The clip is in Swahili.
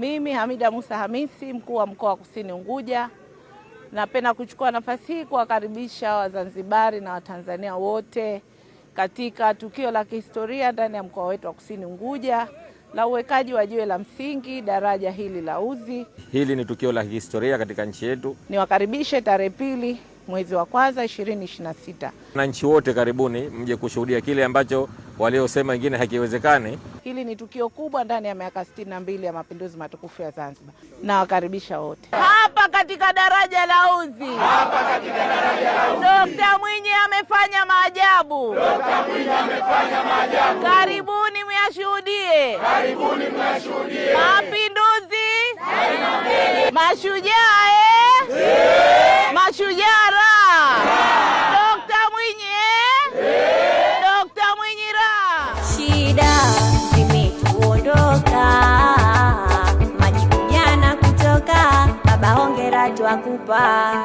Mimi Hamida Musa Hamisi, mkuu wa mkoa wa Kusini Unguja, napenda kuchukua nafasi hii kuwakaribisha Wazanzibari na Watanzania wote katika tukio la kihistoria ndani ya mkoa wetu wa Kusini Unguja la uwekaji wa jiwe la msingi daraja hili la Uzi. Hili ni tukio la kihistoria katika nchi yetu. Niwakaribishe tarehe pili mwezi wa kwanza 2026. Wananchi wote karibuni mje kushuhudia kile ambacho waliosema wengine hakiwezekani. Hili ni tukio kubwa ndani ya miaka 62 ya mapinduzi matukufu ya Zanzibar. Nawakaribisha wote hapa katika daraja la Uzi. Dokta Mwinyi amefanya maajabu, karibuni mwashuhudie. mapinduzi mashujaa wakati wa kupa